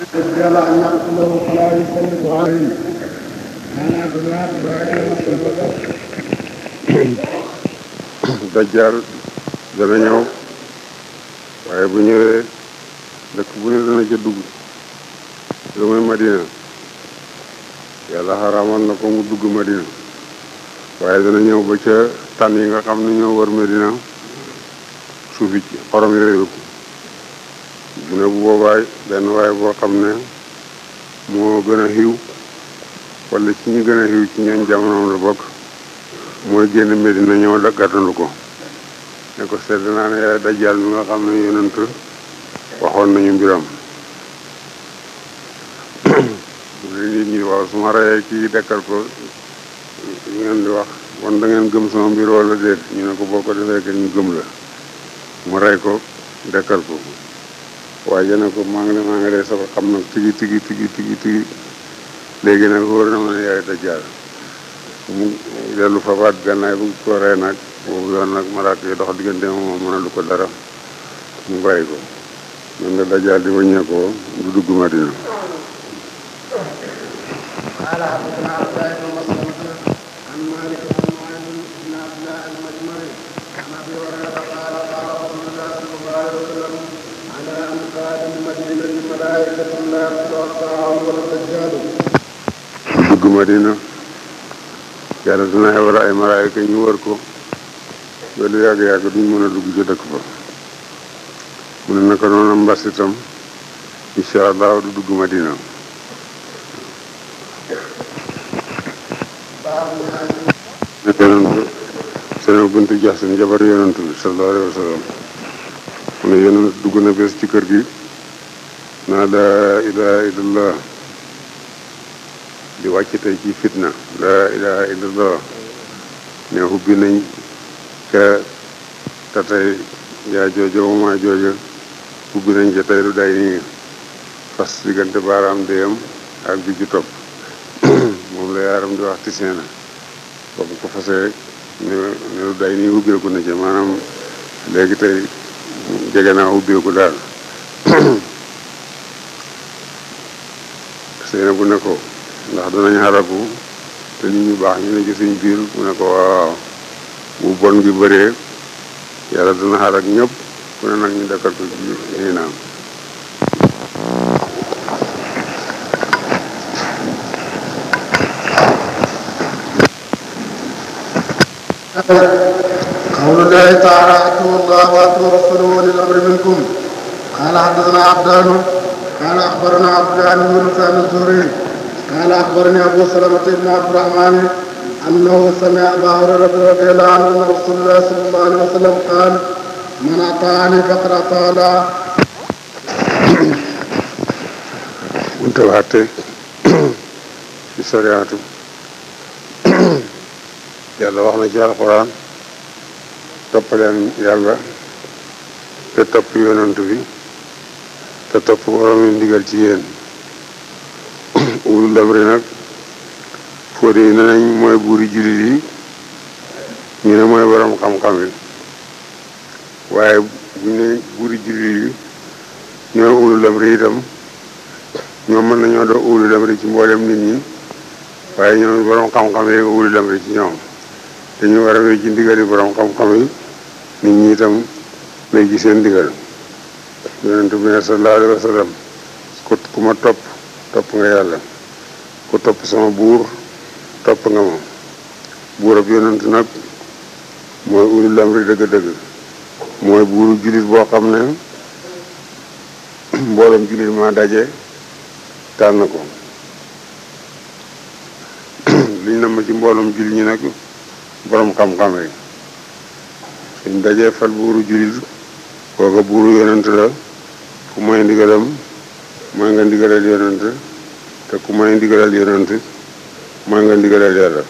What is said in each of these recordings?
رضي الله عنه dana ñëw waaye bu ñëwee dëkk bu ne dana ca dugg lu madina yàlla xaraamal na ko mu dugg madina waaye dana ñëw ba ca tànn yi nga xam ne ñoo war madina suufi xorom yi réew mu ne bu boobaay benn waay boo xam ne moo gën a xiw wala ci ñu gën a xiw ci ñoom jamonoom la bokk mooy génn Medina ñëw daggatanu ko ne ko sedd naa ne yaay dajjal mi nga xam ne yonent waxoon nañu mbiram mu nit ñi waaw su ma reyee kii dekkal ko li ngeen di wax wan da gëm sama mbir wala déet ñu ne ko boo ko defee kenn ñu gëm la mu rey ko dekkal ko waaye jana ko maa ngi lay maa ngi xam nag tigi tigi tigi tigi tigi léegi nag wóor na ma ne yaay dajjaal mu dellu fabaat gannaay bu ko rey nag boobu yoon nag malaat yi dox diggante moom mënalu ko dara mu bàyyi ko man la dajjaal di wàññeekoo du dugg Madina عن مالك بن dugg Madina yàlla dina xewal ay malaayika ñu wër ko ba lu yàgg-yàgg duñ mën a dugg ci dëkk ba mu ne naka noonu mbas itam incha du dugg Madina yonentu sene buntu jabar yonentu bi sallallahu wa sallam mu ne yonentu dugg na bés ci kër gi naa laa ilaha illallah di wàcc tey ci fitna laa ilaha illallah ne hubbi nañ ca te tey yaa joojo ma joojo hubbi nañ ca tey lu day nii fas diggante baaraam déyam ak bi topp moom la yaaram di wax tisee na ba mu ko fasee ne ne lu day nii hubbeeku na ca maanaam léegi tey jege naa hubbeeku daal bu ne ko ndax danañ xaraku te nit ñu baax ñu ne ci suñ biir mu ne ko waaw bu bon gi bëree yàlla dana xarak ñëpp ku ne nag ñu dekkal ko ci hiinaam قول الله تعالى أطيعوا الله وأطيعوا رسوله وأولي الأمر منكم قال حدثنا عبدان قال أخبرنا عبد الله بن موسى الزهري قال أخبرني أبو سلمة بن عبد الرحمن أنه سمع أبا هريرة رضي الله عنه أن رسول الله صلى الله عليه وسلم قال من أطاعني فقد أطاع الله buntu bu àtte ci sariyaatu yàlla wax na ci alxuraan toppaleen yàlla te topp yonent bi te topp borom yi ndigal ci yéen ulul amri nag fóode yi ne nañ mooy buuri jullit yi ñu ne mooy borom xam-xam yi waaye bu ne buuri jullit yi ñooy ulul amri itam ñoom mën nañoo doon ulul amri ci mboolem nit ñi waaye ñoom borom xam-xam yi ulul amri ci ñoom dañu war a wéy ci ndigali borom xam-xam yi nit ñi itam lay seen digal yonent bi ne sallallahu alayhi wa sallam ku ku ma topp topp nga yàlla ku topp sama buur topp nga ma buur ab yonent nag mooy ulul amri dëgg-dëgg mooy buuru jullit boo xam ne mboolem jullit maa daje tànn ko liñ na ma ci mboolem jullit ñi nag boroom xam-xam yi suñ dajee fal buuru jullit kooka buuru yonent la ku mooy ndigalam mooy nga ndigalal yonent te ku mooy ndigalal yonent mooy nga ndigalal yàlla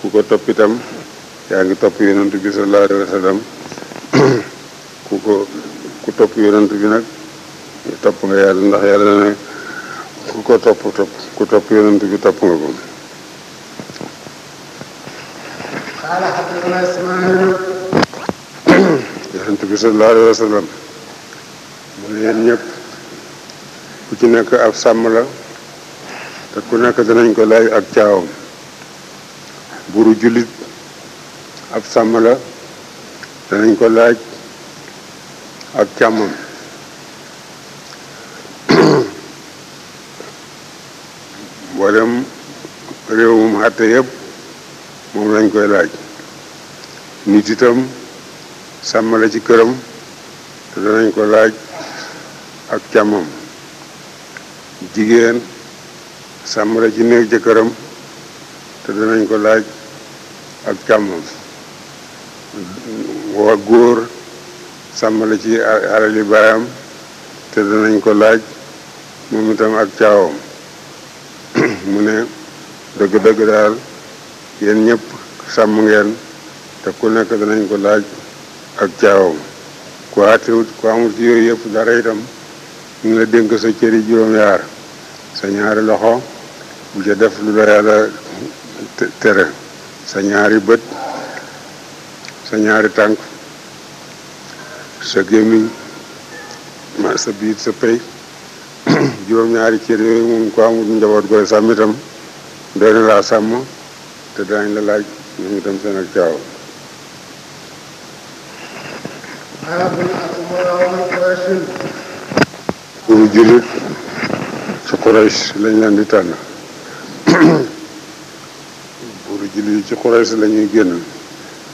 ku ko topp itam yaa ngi topp yonent bi sallallahu alayhi wa sallam ku ko ku topp yonent bi nag topp nga yàlla ndax yàlla ku ko topp ku topp yonent bi topp nga ko yonent bi sallallahu alayhi yéen ñépp ku ci nekk ab sàmm la te ku nekk danañ ko lay ak caawam buru jullit ab sàmm la danañ ko laaj ak càmmam mboolem réew mum xatte yëpp moom lañ koy laaj nit itam sàmm la ci këram te danañ ko laaj ak càmmam jigéen sàmm la ci néeg jëkkëram te danañ ko laaj ak càmmam waa góor sàmm la ci alali baayam te danañ ko laaj moom itam ak caawam mu ne dëgg-dëgg daal yéen ñëpp sàmm ngeen te ku nekk danañ ko laaj ak caawam ku àttewut ku amul ci yooyu yëpp dara itam ñu ngi la dénk sa cëri juróom-yaar sa ñaari loxo bu ca def lu la tere sa ñaari bët sa ñaari tànk sa gémmiñ ma sa biit sa pay juróom-ñaari cër yooyu moom ko amul njaboot koy sàmm itam doy laa sàmm te daañ la laaj ñoom itam seen ak caaw ay jullit ci Quraysh lañ leen di tànn buuru ci Quraysh la génn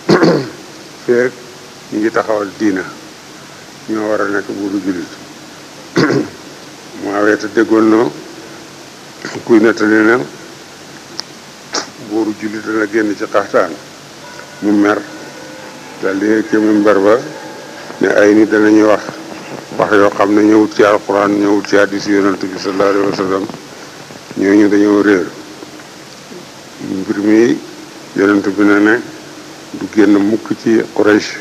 feek ñu ngi taxawal diina ñoo war a nekk buuru jullit Muawiya déggoon na kuy nettali na buuru jullit dana génn ci xaxtaan mu mer daldi yëkkee mu mber ba ne ay nit danañuy wax wax yoo xam ne ñëwut ci alquran ñëwut ci hadis yonent bi sallallahu alayhi wa sallam ñooñu dañoo réer mbir mi yonent bi ne ne du génn mukk ci Quraysh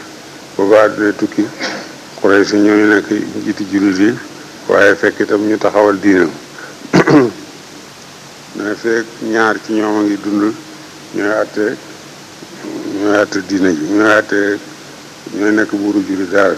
booba àddina tukki Quraysh ñooñu nekk njiiti jullit yi waaye fekk itam ñu taxawal diinam mais fekk ñaar ci ñoom a ngi dund ñooy àtte ñooy àtte diina ji ñooy àtte ñooy nekk buuru jullit daal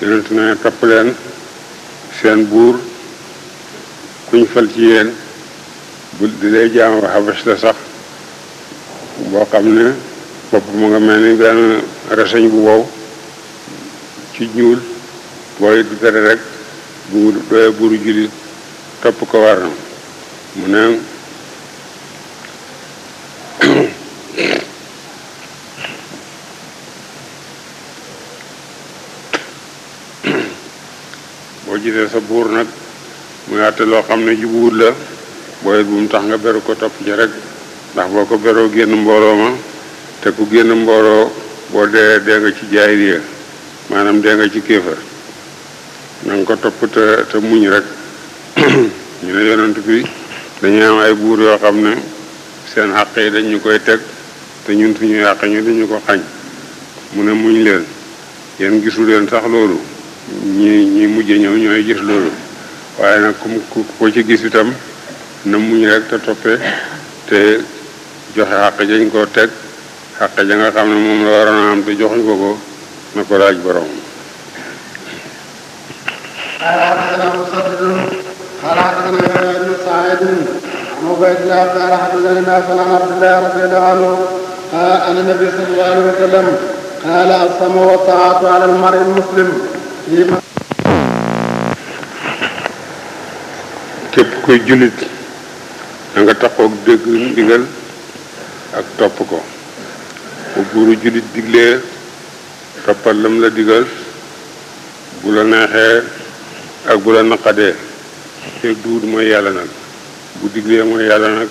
yonentu ne topp leen seen buur kuñ fal ci yéen bu di lay jaam xabas la sax boo xam ne bopp mu nga mel ni benn reseñ bu wow ci ñuul booy du tere rek bu dooye buuru jullit topp ko war na mu ne sa buur nag muy àtte loo xam ne jubuwut la booyet bu mu tax nga beru ko topp ci rek ndax boo ko beroo génn mbooloo ma te ku génn mbooloo boo dee dee nga ci jaahiliya maanaam dee nga ci kéefar na nga ko topp te te muñ rek ñu ne yonent bi dañuy am ay buur yoo xam ne seen xàq yi dañ koy teg te ñun suñu yàq ñu dañu ko xañ mu ne muñ leen yéen gisu leen sax loolu ñi ñi mujj ñëw ñooy gis loolu waaye nag ku ko ci gis itam na muñ rek te toppee te joxe xàq jañ ko teg xàq ja nga xam ne moom la waroon a am te joxuñ ko ko na ko laaj borom قال النبي صلى الله عليه وسلم قال الصم والطاعة على المرء المسلم lima képp kuy jullit da nga taxoog dégg ndigal ak topp ko bu buuru jullit diglee toppal lam la digal bu la neexee ak bu la naqadee te duud mooy yàlla nag bu diglee mooy yàlla nag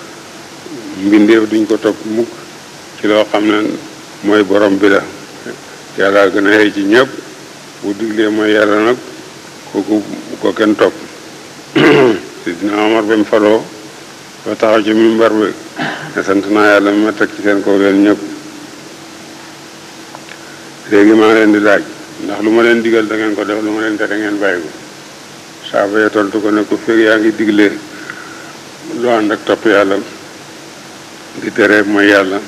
mbindeef duñ ko topp mukk ci loo xam ne mooy borom bi la yàlla gën a xëy ci ñëpp bu diglee mooy yàlla nag kooku bu ko kenn topp sidina Omar ba mu faloo ba taxaw ci mimbar bi ne sant naa yàlla mi ma teg ci seen ko yéen ñëpp léegi maa leen di laaj ndax lu ma leen digal da ngeen ko def lu ma leen tere ngeen bàyyi ko saaba ya tontu ko ne ko feeg yaa ngi digle lu ànd ak topp yàlla di tere mooy yàlla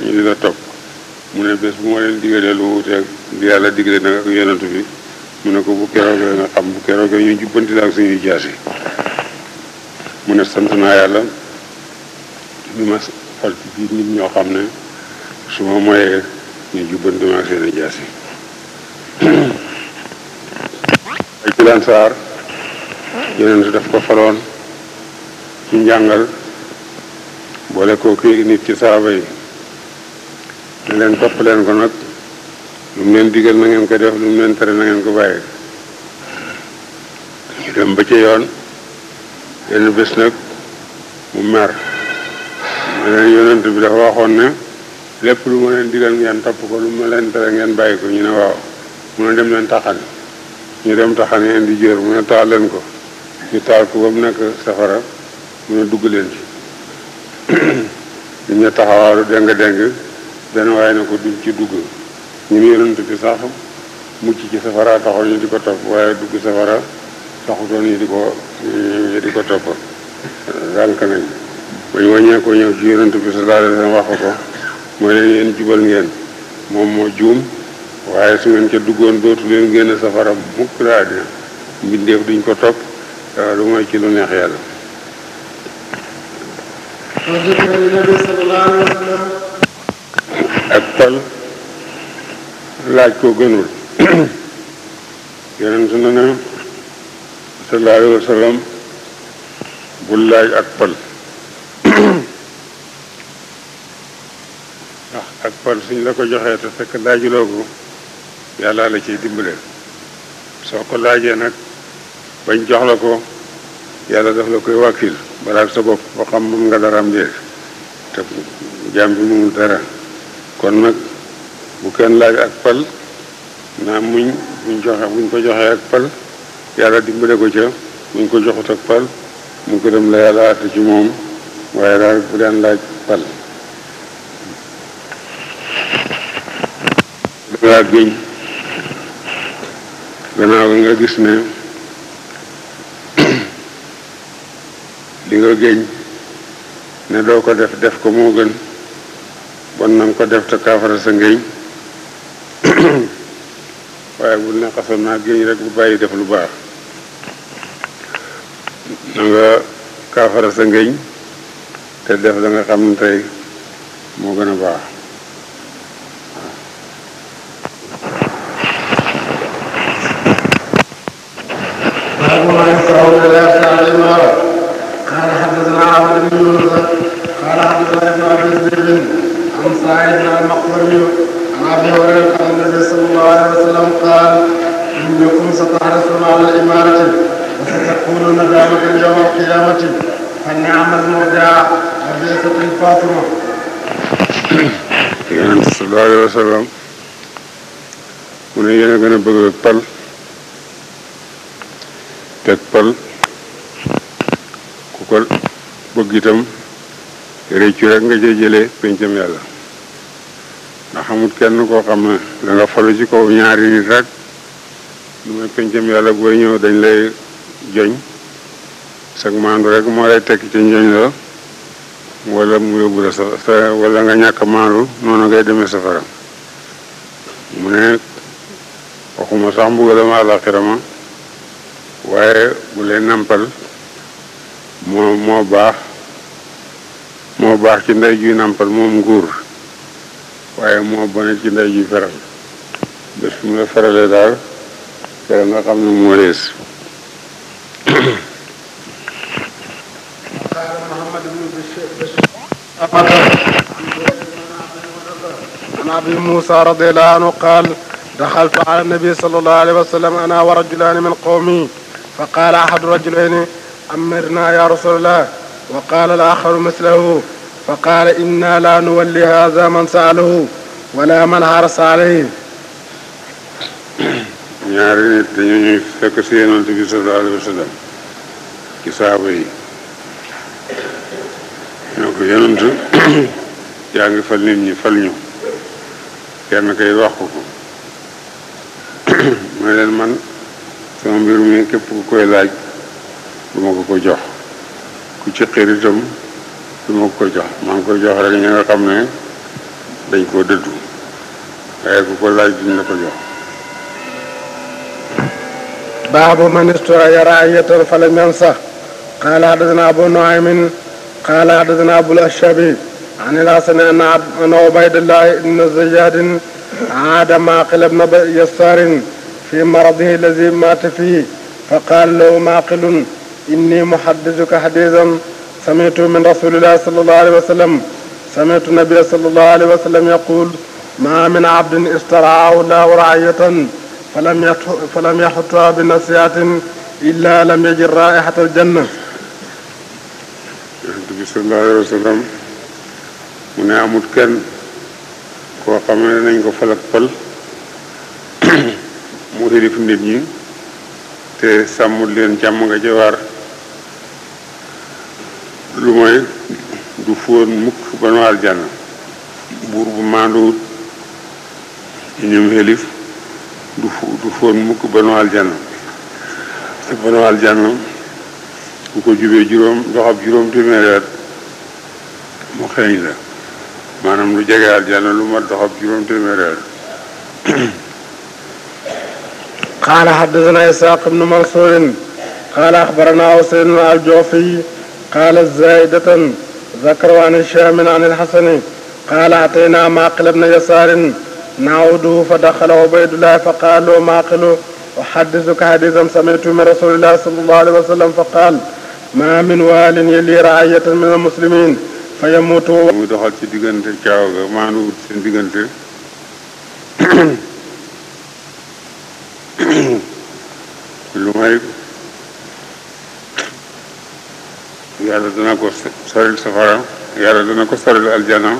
ñu di la topp mu ne bés bu ma leen digalee lu wuuteeg bi yàlla digle nag ak yonent bi mu ne ko bu keroogee nga xam bu keroogee ñu jubbanti la ak suñuy jaas yi naa yàlla bi ma far biir nit ñoo xam ne su ma moyee ñu jubbanti ma ak seeni jaas yi ay cilaan saar yonent daf ko faloon ci njàngal boole koo nit ci saaba yi ne leen topp leen ko nag lu leen digal na ngeen ko def lu mu leen tere na ngeen ko bàyyi ñu dem ba ca yoon yenn bés nag mu mer ma leen yonent bi dafa waxoon ne lépp lu ma leen digal ngeen topp ko lu ma leen tere ngeen bàyyi ko ñu ne waaw mu ne dem leen taxani ñu dem taxani leen di jër mu ne taal leen ko ñu taal ko ba mu nekk safara mu ne dugg leen ci ñu taxawaalu déng déng benn waaye ne ko duñ ci dugg ñu ne yonent bi sax mucc ci safara taxaw ñu di ko topp waaye dugg safara taxutoon ñu di ko ñu eh, di ko topp gànk nañ ba ñu ko ñëw ci yonent bi sallallahu alayhi wa sallam wax ko mooy leen yéen jubal ngeen moom moo juum waaye su ngeen ca duggoon dootu leen génn safara mukk laa dina mbindeef duñ ko topp lu mooy ci lu neex yàlla ak pal laaj ko gënul yonent na ne sallallahu alayhi wa sallam bul laaj ak pël ndax ak pël suñ la ko joxee te fekk laajuloo ko yàlla la ciy dimbale soo ko laajee nag bañ jox la ko yàlla daf la koy wàkkil balaak sa bopp ba xam mun nga dara am déet te jaam bi mënul dara kon nag bu kenn laaj ak pal naa muñ muñ joxe buñ ko joxee ak pal yàlla dimbale ko ca buñ ko joxut ak pal mu gërëm la yàlla àtte ci moom waaye daal bu daan laaj pal dangaa gëñ gannaaw nga gis ne li nga gëñ ne doo ko def def ko moo gën bon na nga ko def te kaafara sa ngéñ waaye bul ne xasam naa géñ rek bu bàyyi def lu baax na nga sa ngéñ te def la nga xam ne tey moo gën a baax rek nga jëlee jëlee yàlla ndax xamut kenn koo xam ne da nga falu ci kaw ñaari nit rek lu may pencam yàlla booy ñëw dañ lay joñ sag maandu rek moo lay tekki ci njoñ la wala mu yóbbu la sa wala nga ñàkk maandu noonu ngay demee safara mu ne waxuma sax mbugalam àllaaxira ma waaye bu lay nampal moo moo baax baax ci ndey juy nàmpal moom nguur waaye moo bone ci ndey juy feral bés bu mu la feralee daal feral nga xam ne moo lees عن ابي موسى رضي الله عنه قال دخلت على النبي صلى الله عليه وسلم انا ورجلان من قومي فقال احد الرجلين امرنا يا رسول الله وقال الاخر مثله fa qaala inna laa nuwalli haada man saalahu wala man xaras alayhi ñaari nit dañu ñuy fekk si yonent bi sallallahu alayhi wa saaba yi ñoo ko yonent yaa ngi fal nit ñi fal ñu kenn kay wax ko ko mooy man sama mbir mi képp ku koy laaj du ma ko jox ku ci xiritam du ma ko jox maa ngi koy jox rek ñi nga xam ne dañ koo dëddu waaye ku ko laaj duñ la ko jox baabu man istura yara an yetar falam yansa qaala xaddatana abu nuaymin qaala xaddatana abul ashabi an ilasani an ubaydillahi ibn ziyadin aada maaqil ibna yasarin fi maradihi alladi maata fihi fa qaala lahu maaqilun inni muhaddisuka xadisan سمعت من رسول الله صلى الله عليه وسلم سمعت النبي صلى الله عليه وسلم يقول ما من عبد اشتراه الله رعية فلم فلم يحطها بنصيحة إلا لم يجد رائحة الجنة النبي صلى الله عليه وسلم mu ne amut kenn koo xam ne nañ ko falak pal mu xilif nit ñi te sàmmul leen jàmm nga ci waar lu mooy du fóon mukk ba nu aljanna buur bu maanduwut ñoom xelif du du mukk ba nu aljanna ba nu aljanna bu ko jubee juróom doxab juróom téeméeri mu xeeñ la maanaam lu jege aljanna lu mat doxab juróom téeméeri at قال حدثنا إسحاق بن منصور قال أخبرنا حسين الجعفي قال زائدة ذكر عن الشام عن الحسن قال أعطينا معقل بن يسار نعوده فدخل عبيد الله فقال له معقل أحدثك حديثا سمعته من رسول الله صلى الله عليه وسلم فقال ما من وال يلي رعية من المسلمين فيموت mu doxal ci diggante caaw ga maanu ut seen diggante lu may yàlla dana ko soril safara yàlla dana ko soril aljana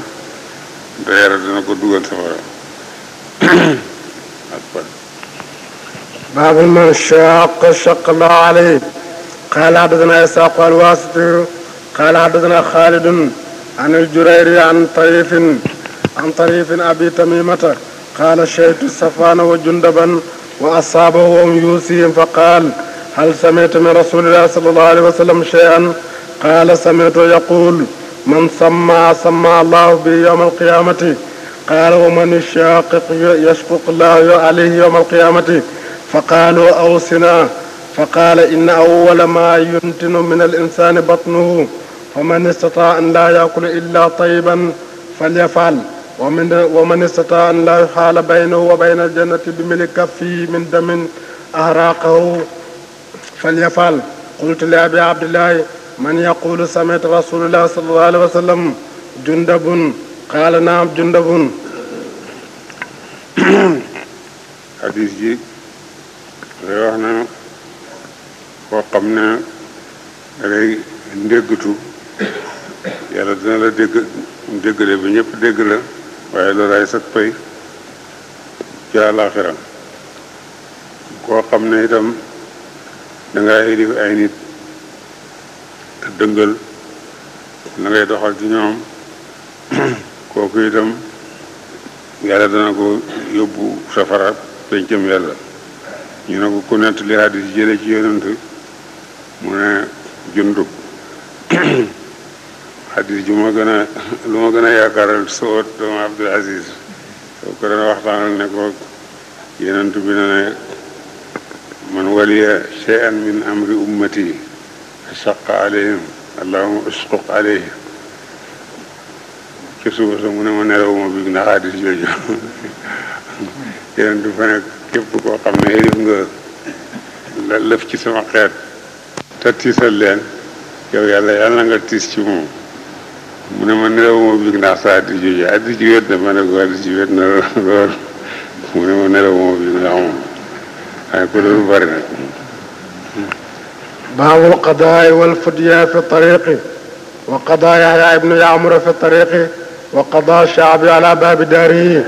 te yàlla dana ko dugal safara باب من شاق شق الله عليه قال حدثنا إسحاق الواسطي قال حدثنا خالد عن الجريري عن طريف عن طريف أبي تميمة قال شهدت صفوان وجندبا وأصابه أم يوسف فقال هل سمعت من رسول الله صلى الله عليه وسلم شيئا qaala sami'tu yaquul man sammaa sammaa allahu bi yowma alqiyaamati qaala wa man yushaqiq yashquq laahu alayhi yowma alqiyaamati fa qaaluu awsinaa fa qaala inna awwala maa yuntinu min alinsaani batnuhu fa man istataa an laa yaakula illaa tayiban falyafal wa min wa man istataa an laa yuxaala baynahu wa bayna aljannati bi mili kaffihi min damin ahraaqahu falyafal qultu li abi abdillahi man yaqulu samet rasulullah sallallahu alayhi wa sallam jundabun qaala naam jundabun xadis ji day wax na koo xam ne da ngay ndéggatu yàlla dina la dégg déggale bi ñëpp dégg la waaye loolu ay sag pay ci àllaaxira koo xam ne itam dangay ilif ay nit dëggal na ngay doxal ci ñoom kooku itam yàlla dana ko yóbbu safara pencam yàlla ñu ne ko ku li hadis jële ci yonent mu ne jundub hadis ju ma gën a lu ma gën a yaakaaral soot doomu Abdul Aziz soo ko dana waxtaanal ne ko yonent bi ne man waliya shay'an min amri ummati saq alayhim allahuma usquq alayhim ci suba sa mu ne ma neraw ma bi na xaadis jooju yeneen du képp koo xam ne yëf nga lëf ci sama xeet te tiisal leen yow yàlla yàlla nga tiis ci moom mu ne ma neraw ma bi sa addis jooju addis ji wet na ma ne ko addis ji wet na lool mu ne ma neraw ma bi moom waaye ko loolu bari na باب القضاء والفدية في الطريق وقضى يحيى بن يعمر في الطريق وقضى الشعبي على باب داره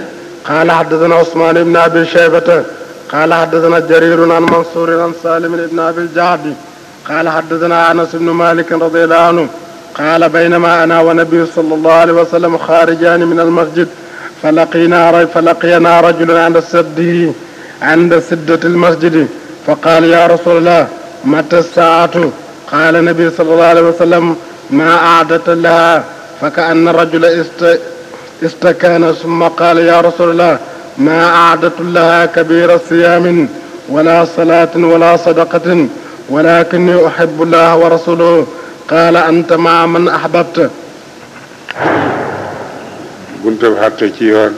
قال حدثنا عثمان بن أبي شيبة قال حدثنا جرير عن منصور عن سالم بن أبي الجعد قال حدثنا أنس بن مالك رضي الله عنه قال بينما أنا ونبي صلى الله عليه وسلم خارجان من المسجد فلقينا فلقينا رجل عند السد عند سدة المسجد فقال يا رسول الله متى الساعة قال النبي صلى الله عليه وسلم ما أعدت لها فكأن الرجل است استكان ثم قال يا رسول الله ما أعدت لها كبير صيام ولا صلاة ولا صدقة ولكني أحب الله ورسوله قال أنت مع من أحببت bunte bi xatte ci yoon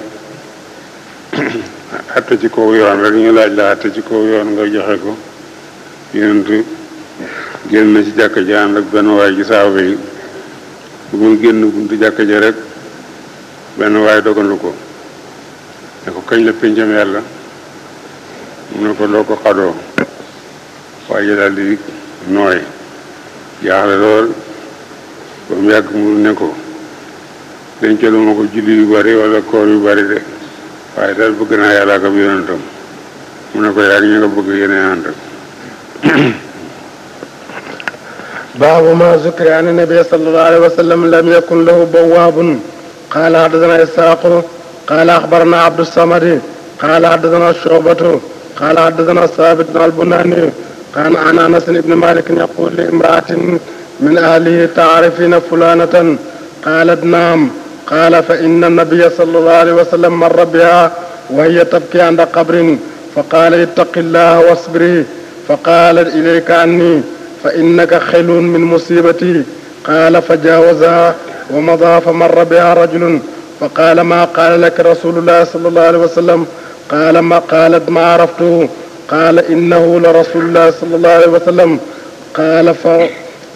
xatte ci kaw yoon rek ñu laaj la xatte ci kaw yoon nga joxe ko yonent génn ci jàkka ji ànd benn waay ji saaba yi bu génn buntu jàkka ja rek benn waay dogandu ko ne ko kañ la péncam yàlla mu ne ko doo ko xadoo waay ji di nooy jaaxle lool ba mu yàgg mu ne ko dencalu ma ko julli yu bari wala koor yu bari de waaye daal bëgg naa yàlla ak ab yonentam mu ko yaa ngi nga bëgg yeneen ànd باب ما ذكر عن النبي صلى الله عليه وسلم لم يكن له بواب قال حدثنا إسحاق قال أخبرنا عبد الصمد قال حدثنا شعبة قال حدثنا ثابت البناني كان عن أنس بن مالك يقول لامرأة من أهله تعرفين فلانة قالت نعم قال فإن النبي صلى الله عليه وسلم مر بها وهي تبكي عند قبر فقال اتق الله واصبري fa qaalat ilayka anni fa innaka xelun min musibati qaala fa jaawazaha wa madaa fa marra biha rajulun fa qaala maa qaala laka rasulullahi sal allahu alayhi wa sallam qaala ma qaalat ma araftuhu qaala innahu la rasulullahi sal allahu alayhi wa sallam qaala fa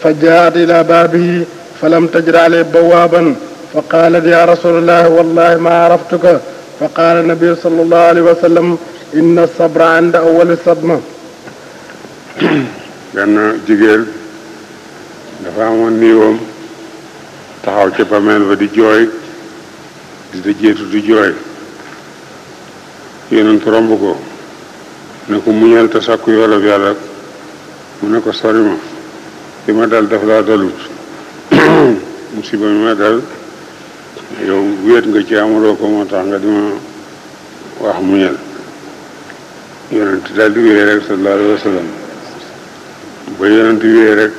fa jaat ila baabihi fa lam tajid alayhi bawaaban fa qaalat ya rasulallahi wallahi ma araftuka fa qaala nabiyu sal allahu alayhi wa sallam inna sabra inda awali sadma benn jigéen dafa amoon niiwoom taxaw ca bameel ba di jooy di da di jooy yonent romb ko ne ko muñal te sàkku yoolab yàlla mu ne ko sori ma li ma dal daf laa dalut musiba mi ma dal yow wéet nga ci amuloo ko moo tax nga di ma wax muñal yonent dal di wéet rek sallallahu alayhi ba yonentu yooyu rek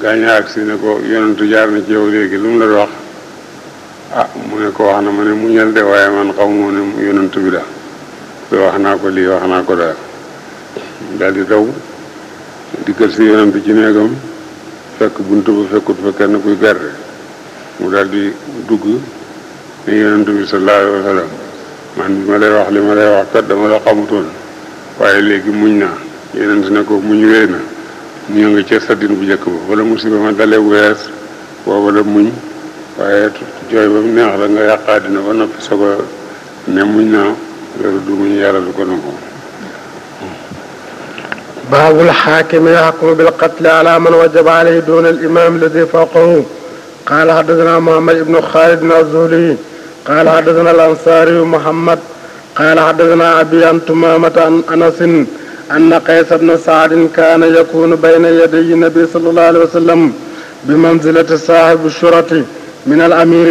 gaaña ak si ne ko yonentu jaar na ci yow léegi lu mu la wax ah mu ne ko wax na ma ne muñal de waaye man xaw moo ne yonentu bi daal te wax naa ko lii wax naa ko daal daal di daw dikkal si yonentu ci néegam fekk bunt ba fekkut fa kenn kuy garde mu daal di dugg ne yonentu bi sallallahu alayhi man bi ma lay wax li ma lay wax kat dama la xamutoon waaye léegi muñ naa yonent ne ko muñ wéy na ñu ngi ca saddin bu njëkk ba wala musiba ma dalee wees booba la muñ waaye jooy ba mu neex la nga yàqaa dina ba noppi soog a ne muñ naa loolu du muñ yàlla du ko nangu baabul xaakimi yaxkumu bil qatli ala man wajaba alayhi duna al imam alladi fawqahu qaala xaddasanaa Muhammad ibnu Xaalid az-Zuhli qaala xaddasanaa al ansaari Muhammad qaala xaddasanaa abi an tumaamata an anasin أن قيس بن سعد كان يكون بين يدي النبي صلى الله عليه وسلم بمنزلة صاحب الشرة من الأمير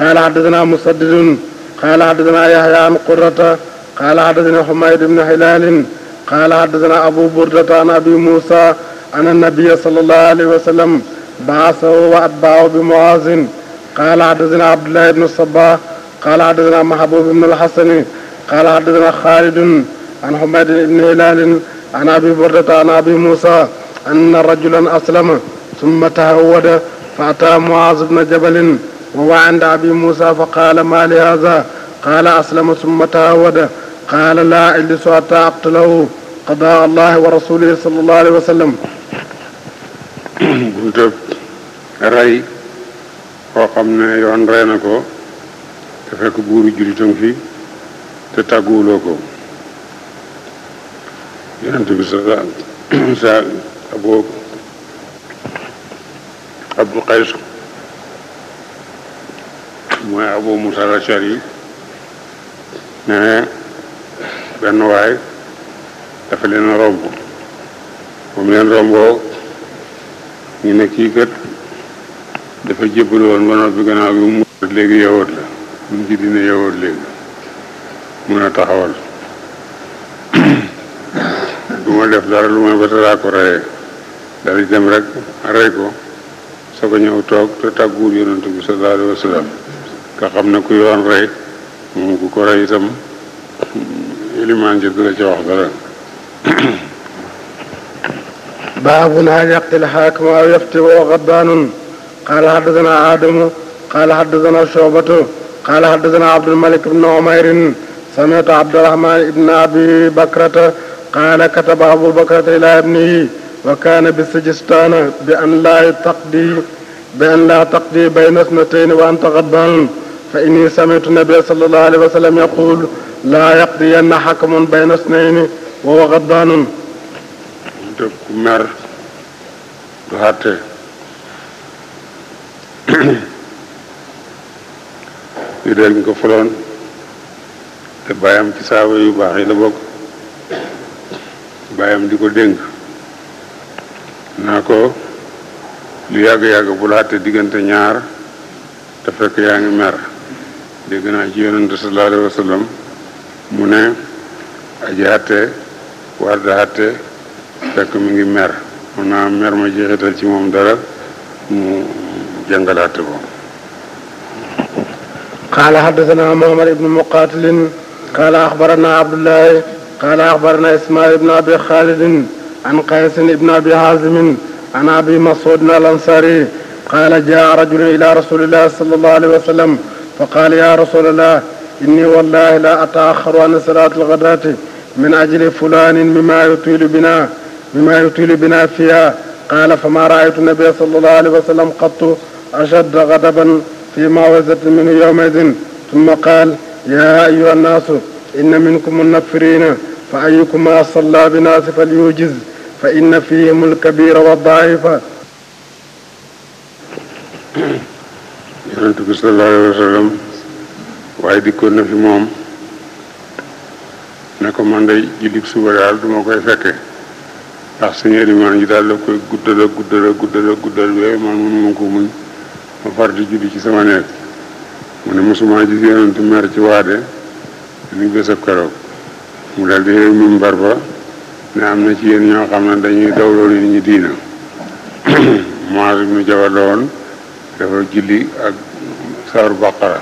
قال حدثنا مسدد قال حدثنا يحيى عن قرة قال حدثنا حميد بن هلال قال حدثنا أبو بردة عن أبي موسى أن النبي صلى الله عليه وسلم بعثه وأتباعه بمعاذ قال حدثنا عبد الله بن الصباح قال حدثنا محبوب بن الحسن قال حدثنا خالد عن حميد بن هلال عن أبي بردة عن أبي موسى أن رجلا أسلم ثم تهود فأتى معاذ بن جبل وهو عند أبي موسى فقال ما لهذا قال أسلم ثم تهود قال لا أجلس حتى أقتله قضاء الله ورسوله صلى الله عليه وسلم buntëb rey koo xam ne yoon rey na ko te fekk buuru jullitam fi te tàgguwuloo ko yonent bi sa sa abu abdu qays mooy abu musa rachar yi ne benn waay dafa leen romb moom leen romboo ñu ne kii kat dafa jébbalu woon ba noppi bi mu léegi yawoot la mu ngi ci dina yawoot léegi a taxawal bu ma def dara lu may ba daraa ko reyee dara dem rek rey ko soo ko ñëw toog te tàgguwul yonent bi sallallahu alayhi wa sallam nga xam ne ku yoon rey moom ku ko rey itam ilimaan ji du la ci wax dara baabun hal yaqtil haakimu aw yafti wa ghadbaanun qaala haddasanaa aadamu qaala haddasanaa shu'batu qaala haddasanaa abdulmalik ibn umayrin sami'tu abdurahmaan ibn abi bakrata qaala kataba abu bakrat ila ibnihi wa kaana bi sijistaana bi an laa taqdi bi an laa taqdi bayna snatayn wa anta xadbaan fa inni samitu nabia sallallahu alayhi wa sallam yaqul laa yaqdiyanna xakamun bayna snayni wa huwa xadbaanun ku mer du xàtte ñu dee ñu ko foloon te bàyyam ci saaba yu baax yi la bokk bàyyam di ko dénk naa ko lu yàgg-yàgg bu laate diggante ñaar te fekk yaa ngi mer dégg naa ci yonente sallallahu alayhi mu ne aji àtte war da àtte fekk mi ngi mer mun naa mer ma jeexital ci moom dara mu jàngalaate ko qaala xaddasanaa Muhammad ibnu Muqaatilin qaala axbaranaa Abdullahi قال أخبرنا إسماعيل بن أبي خالد عن قيس بن أبي حازم عن أبي مسعود الأنصاري قال جاء رجل إلى رسول الله صلى الله عليه وسلم فقال يا رسول الله إني والله لا أتأخر عن صلاة الغداة من أجل فلان مما يطيل بنا مما يطيل بنا فيها قال فما رأيت النبي صلى الله عليه وسلم قط أشد غضبا في موعظة منه يومئذ ثم قال يا أيها الناس إن منكم منفرين fa ayukuma salla binaasi falyujiz fa inna fihim alkabira wa daifa yonent bi sallallahu alayhi wa sallam waaye dikkoon na fi moom ne ko man day jullit suba daal du koy fekke ndax suñu élimaan ji daal la koy guddala guddala guddala guddal be man mënuma ko muñ ma far di julli ci sama nekk mu ne mosuma gis yonent mer ci waade ni bésab keroog mu dal di réew mimbar ba ne am na ci yéen ñoo xam ne dañuy dawloo nit ñi diina Muaz ibnu Jabal la woon dafa julli ak saaru baqara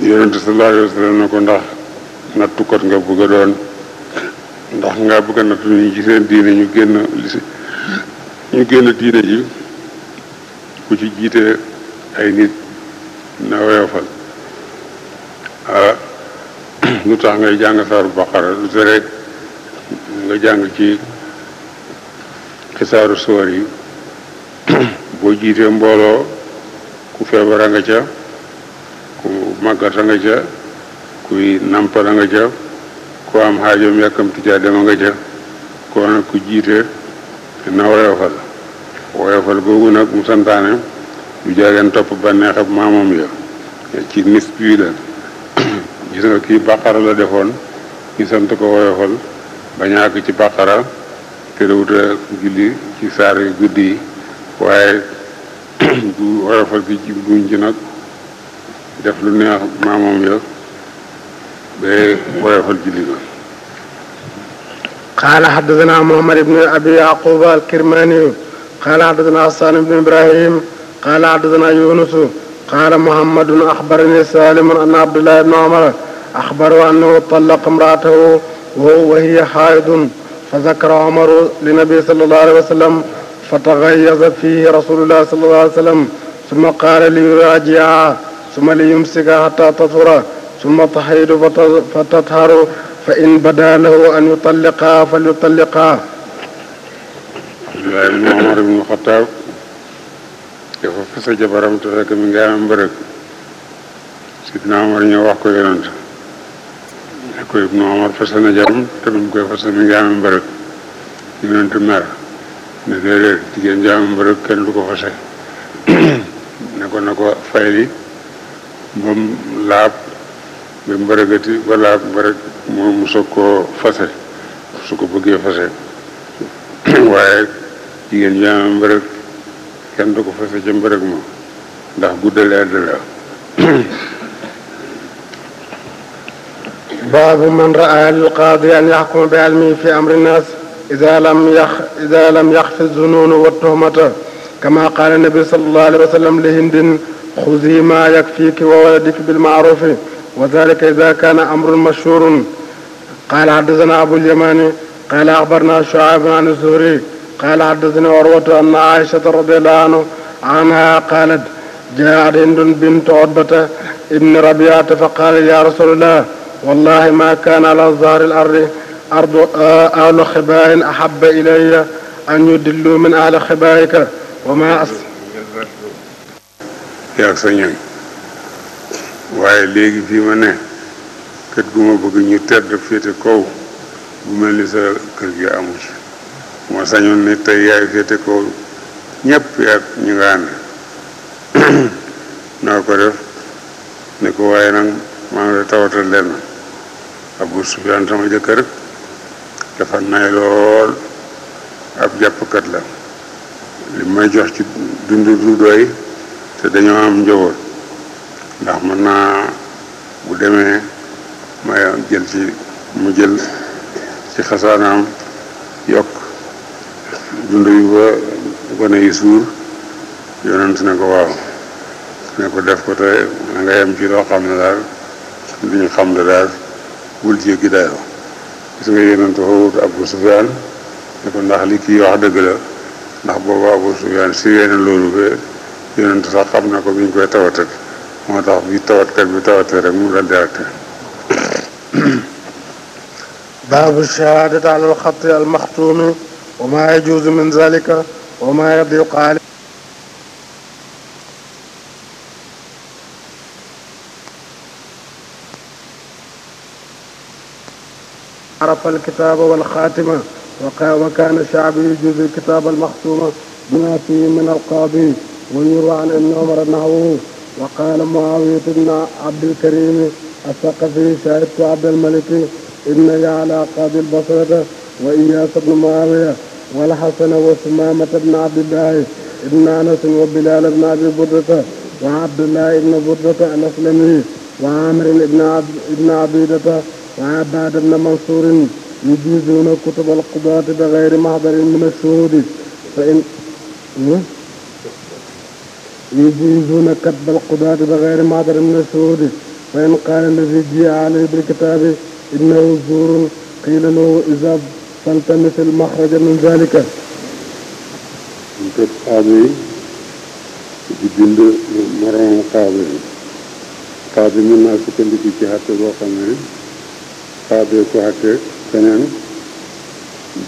yonent sallallahu alayhi wa ko ndax nattukat nga bëgg doon ndax nga bëgga a nattu nit ñi ci seen diine ñu génn lisi ñu génn diine ji ku ci jiite ay nit na woyofal nu tax ngay jàng saaru baqara lu te rek nga jàng ci xisaaru soor yi boo jiitee mbooloo ku feebar a nga ca ku màggat a nga ca kuy nampal nga ca ko am xaajoom yàkkamti caa dem a nga ca koo nag ku jiite na woyofal woyofal googu nag mu santaane lu jaageen topp bànneexab maamam ya ci nis la gis nga kii bàqara la defoon ñu sant ko woyofal bañ a ci bàqara te dawuta eh, julli ci saar yu guddi waaye woyofal gi ci buñ ci nag def lu neex maamoom ya ba woyofal julli ga قال حدثنا محمد بن أبي يعقوب الكرماني قال حدثنا حسان بن إبراهيم قال حدثنا يونس قال محمد أخبرني سالم أن عبد الله بن عمر أخبره أنه طلق امرأته وهي حائض فذكر عمر للنبي صلى الله عليه وسلم فتغيظ فيه رسول الله صلى الله عليه وسلم ثم قال ليراجعها ثم ليمسكها حتى تطهر ثم تحيد فتطهر فإن بدا له أن يطلقها فليطلقها Abdulaay bin Omar bin Xattaab dafa fase jabaram te fekk mi ngi am mbërëg Sidna Omar ñëw wax ko yonent ne ko Ibnu fase na jarum te mu koy fase mi ngi amee mbërëg yonent mer ne déedéet jigéen ju amee mbërëg kenn du ko fase ne ko na ko fayli ba mu laab ba mbërëgati ba laab mbërëg moom mu soog koo fase su ko bëggee fase waaye jigéen ju amee mbërëg kenn du ko fase ca mbërëg ma ndax guddale àddala baabu man raa lilqaadi an yaxkuma bi almihi fi amri nnaas ida lam yax ida lam yaxfi zunuunu wa tuhmata kama qaala nabi sallallahu alayhi wa sallam li hindin xuzi maa yakfiiki wa waladiki bilmaarufi wa dalika ida kaana amrun mashhuurun qaala xaddasana abulyamaani qaala axbarna shuayban an zuhri qaala xaddasana urwatu anna aishata radiallahu anhu anha qaalat jaat hindun bint utbata ibni rabiata fa qaalat ya rasulallah والله ما كان على ظهر الأرض أرض أهل خباء أحب إلي أن يدلوا من أهل خبائك وما أس yaag waaye léegi fii ma ne kër gu ma bëgg ñu tedd féete kaw bu mel ni sa kër gi amul moo sañoon ni tey yaay féete kaw ñëpp yaag ñu nga ànd naa ko def ne ko waaye nag maa ngi tawatal leen Abu Sufyaan sama jëkkër dafa nay lool ab jàppkat la li may jox ci dund du doy te dañoo am njaboot ndax mën naa bu demee may jël ci mu jël ci xasaanaam yokk dund yu ba gone yu suur yonent ne ko waaw ne ko def ko te nga yem ci loo xam ne daal duñu xam ne daal bul jéggi dayoo gis nga yonent waxut Abu Sufyaan ne ko ndax li kii wax dëgg la ndax boobu Abu Sufyaan siree na loolu ba yonent sax xam na ko bi ñu koy tawatat moo tax bi tawatkat bi tawatee rek mu dal direct baabu shahaadati ala alxati almaxtuumi wa maa yajuuzu عرف الكتاب والخاتمة وكان الشعب يجوز الكتاب المختومة بما فيه من القاضي ويروى عن أن عمر نحوه وقال معاوية بن عبد الكريم الثقفي شهدت عبد الملك إن يعلى قاضي البصرة وإياس بن معاوية والحسن وسمامة بن عبد الله بن أنس وبلال بن أبي بردة وعبد الله بن بردة الأسلمي وعامر بن عبيدة wa abbad ibn mansur yujizuna kutub al-qudat bi ghayri mahdarin min ash-shuhud fa in يجيزون كتب القضاة بغير معذر من الشهود فإن قال الذي جيء عليه بالكتاب إنه زور قيل له إذا فالتمس المخرج من ذلك كتب قاضي جند مرام قاضي قاضي من ناس كندي كي حتى بوخمه xaabee ko xattee feneen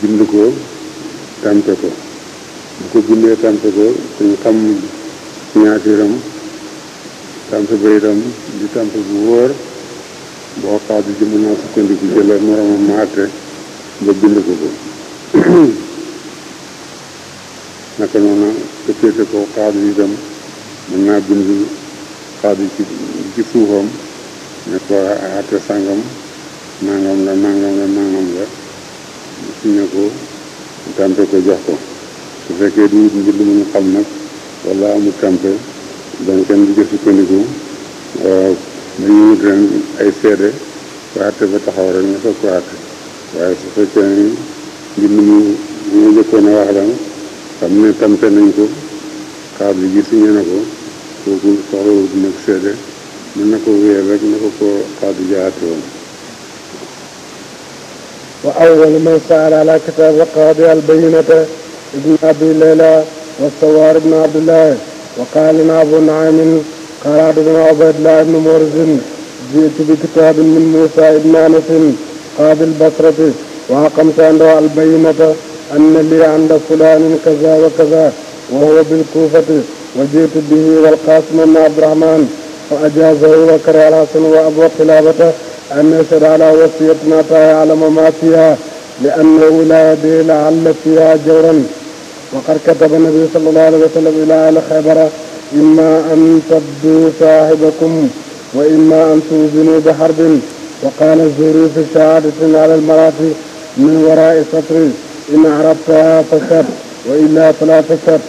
bind ko tàmpe ko bu ko bindee tàmpe ko dañ xam ñaatiram tàmpe ba itam di tàmpe bu wóor boo xaab ji sukkandiku jëla moromam ma àtte ba bind ko ko naka noonu te féete ko xaab yi itam mën naa bind ci ci suufam ne ko àtte sàngam nangam la nangam la nangam la signé ko tampe ko jox ko su fekkee du mbir lu ñu xam nag wala amul tampe donc kenn du jëf sukkandiku euh, dañu ay seede ko àtte taxaw rek nga soog ko àtte waaye su fekkee ni mbir jëkkoon a wax la xam ne tampe nañ ko xaar bi gi signé na ko kooku soxla nag seede mën na ko wéyal rek na ko ko xaar bi jaate wa awwal man saala ala kitab wa qaadi al bayyinata ibn abi layla wa sawar ibn abdullah wa qaala lana abu naamin qaala haddathana ubaydullah ibn murzin jiitu bi kitaabin min muusa ibn anasin qaadi al basrati wa aqamtu indahu al bayyinata anna li inda fulaanin kaza wa kaza wa huwa bil kuufati wa jiitu bihi wal qaasim ibn abdurahman fa ajaazahu wa kariha al hasan wa abu qilaabata أن يشهد على وصية ما يعلم ما فيها لأنه لا يدري لعل فيها جورا وقد كتب النبي صلى الله عليه وسلم إلى أهل خيبر إما أن تبدوا صاحبكم وإما أن توزنوا بحرب وقال الزهري في شهادة على المرأة من وراء سطر إن عرفتها فشب وإلا فلا تشب.